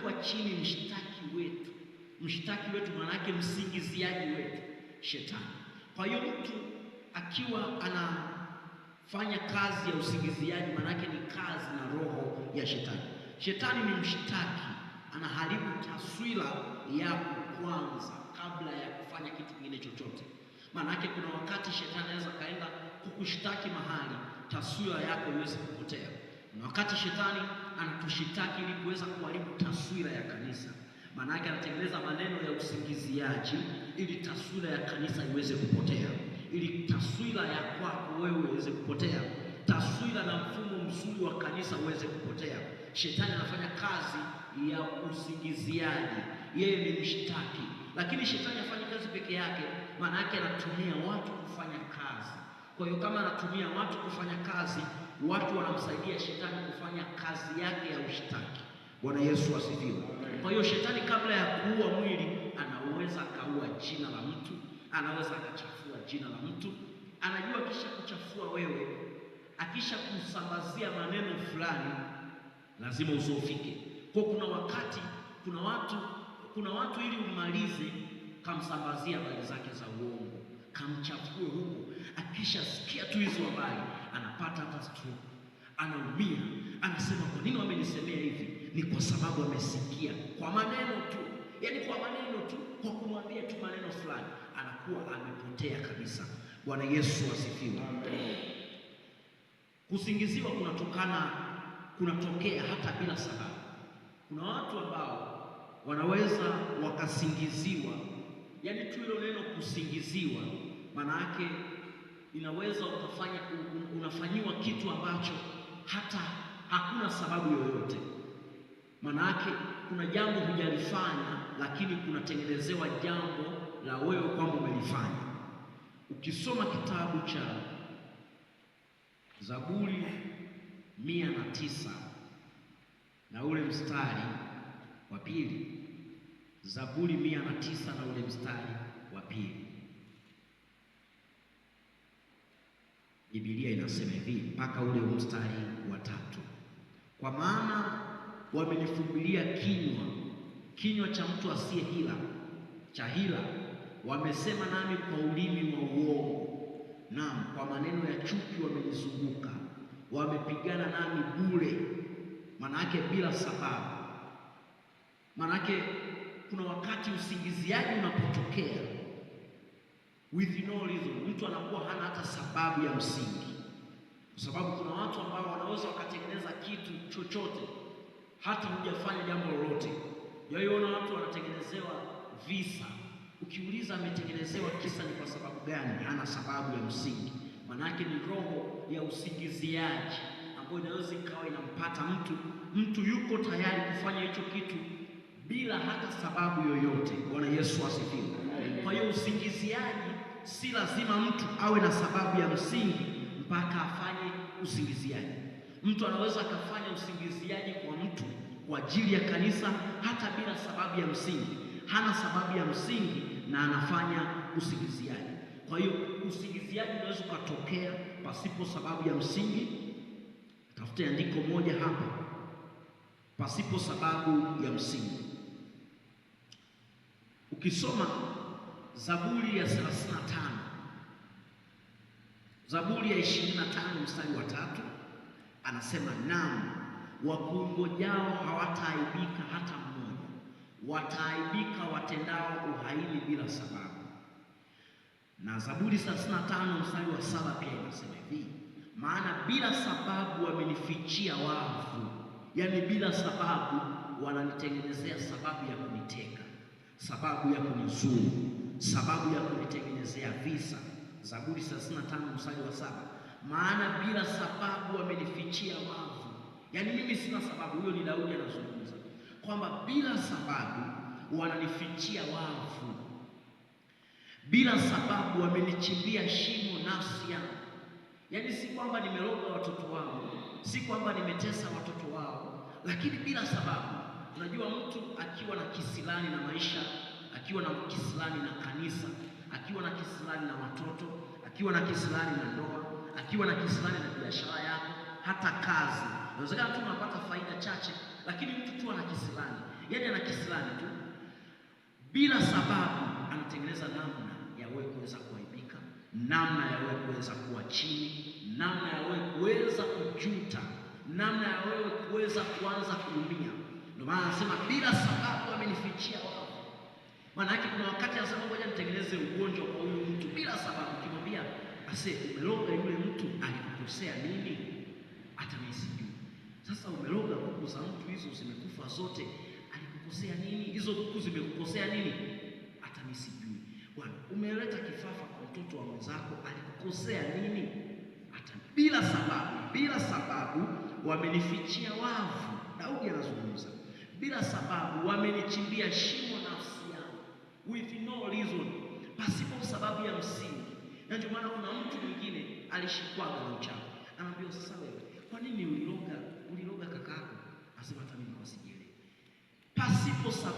anakuwa chini mshtaki wetu. Mshtaki wetu maanake msingiziaji wetu, shetani. Kwa hiyo mtu akiwa anafanya kazi ya usingiziaji, maanake ni kazi na roho ya shetani. Shetani ni mshtaki, anaharibu taswira yako kwanza kabla ya kufanya kitu kingine chochote. Maanake kuna wakati shetani anaweza kaenda kukushtaki mahali, taswira yako iweze kupotea. Na wakati shetani anatushitaki ili kuweza kuharibu taswira ya kanisa, maana yake anatengeneza maneno ya usingiziaji ili taswira ya kanisa iweze kupotea, ili taswira ya kwako wewe iweze kupotea, taswira na mfumo mzuri wa kanisa uweze kupotea. Shetani anafanya kazi ya usingiziaji, yeye ni mshtaki, lakini shetani afanya kazi peke yake, maana yake anatumia watu kufanya kazi. Kwa hiyo kama anatumia watu kufanya kazi watu wanamsaidia shetani kufanya kazi yake ya ushtaki. Bwana Yesu asifiwe. Kwa hiyo shetani kabla ya kuua mwili anaweza akaua jina la mtu, anaweza akachafua jina la mtu. Anajua kisha kuchafua wewe, akisha kusambazia maneno fulani, lazima uzofike. Kwa kuna wakati, kuna watu, kuna watu ili umalize, kamsambazia habari zake za uongo, kamchafue huko, akishasikia tu hizo habari anapata hata stroke, anaumia, anasema kwa nini wamenisemea hivi? Ni kwa sababu amesikia kwa maneno tu, yaani kwa maneno tu, kwa kumwambia tu maneno fulani, anakuwa amepotea kabisa. Bwana Yesu asifiwe. Kusingiziwa kunatokana kunatokea hata bila sababu. Kuna watu ambao wanaweza wakasingiziwa, yaani tu hilo neno kusingiziwa maana yake inaweza ukafanya unafanyiwa kitu ambacho hata hakuna sababu yoyote. Maanake kuna jambo hujalifanya, lakini kunatengenezewa jambo la wewe kwamba umelifanya. Ukisoma kitabu cha Zaburi mia na tisa na ule mstari wa pili, Zaburi mia na tisa na ule mstari wa pili Biblia inasema hivi mpaka ule mstari wa tatu, kwa maana wamenifumbilia kinywa, kinywa cha mtu asiye hila cha hila, wamesema nami kwa ulimi wa uongo, naam kwa maneno ya chuki wamenizunguka, wamepigana nami bure, yake bila sababu. Manake kuna wakati usingiziaji unapotokea with no reason. Mtu anakuwa hana hata sababu ya msingi, kwa sababu kuna watu ambao wanaweza wakatengeneza kitu chochote hata hujafanya jambo lolote. Yaiona watu wanatengenezewa visa, ukiuliza ametengenezewa kisa ni kwa sababu gani, hana sababu ya msingi. Manake ni roho ya usingiziaji ambayo inaweza ikawa inampata mtu. Mtu yuko tayari kufanya hicho kitu bila hata sababu yoyote. Bwana Yesu asifiwe. Kwa hiyo usingiziaji si lazima mtu awe na sababu ya msingi mpaka afanye usingiziaji. Mtu anaweza akafanya usingiziaji kwa mtu kwa ajili ya kanisa hata bila sababu ya msingi, hana sababu ya msingi na anafanya usingiziaji. Kwa hiyo usingiziaji unaweza ukatokea pasipo sababu ya msingi. tafute andiko moja hapa, pasipo sababu ya msingi ukisoma Zaburi ya 35 Zaburi ya 25 mstari wa tatu anasema, naam wakungojao hawataaibika hata mmoja, wataaibika watendao uhaini bila sababu. Na Zaburi 35 mstari wa saba pia inasema hivi, maana bila sababu wamenifichia wavu, yaani bila sababu wananitengenezea sababu ya kuniteka, sababu ya kunizuru sababu ya kunitengenezea visa. Zaburi 35 mstari wa saba, maana bila sababu wamenifichia wavu. Yaani mimi sina sababu, huyo ni Daudi anazungumza kwamba bila sababu wananifichia wavu, bila sababu wamenichimbia shimo nafsi yangu. Yaani si kwamba nimeroga watoto wao, si kwamba nimetesa watoto wao, lakini bila sababu. Unajua mtu akiwa na kisilani na maisha akiwa na kisirani na kanisa, akiwa na kisirani na watoto, akiwa na kisirani na ndoa, akiwa na kisirani na biashara yako, hata kazi. Inawezekana tu unapata faida chache, lakini mtu tu ana kisirani, yani ana kisirani tu bila sababu, anatengeneza namna ya wewe kuweza kuaibika, namna ya wewe kuweza kuwa chini, namna ya wewe kuweza kujuta, namna ya wewe kuweza kuanza kuumia. Ndio maana anasema bila sababu amenificha Maanake kuna wakati anasema ngoja nitengeneze ugonjwa kwa huyu mtu bila sababu. kimwambia ase umeloga yule mtu alikukosea nini? Hata mimi sijui. Sasa umeloga kuku za mtu hizo zimekufa zote, alikukosea nini? Hizo kuku zimekukosea nini? Hata mimi sijui. Bwana, umeleta kifafa kwa mtoto wa mwenzako, alikukosea nini? Hata bila sababu, bila sababu wamenifichia wavu. Daudi anazungumza bila sababu, wamenichimbia shimo nafsi with no reason, pasipo sababu ya msingi. Na ndio maana kuna mtu mwingine alishikwaga na uchawi, anaambiwa sasa, wewe kwa nini uliloga uliloga kakako? Asema hata mimi pasipo sababu